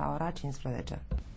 la ora 15.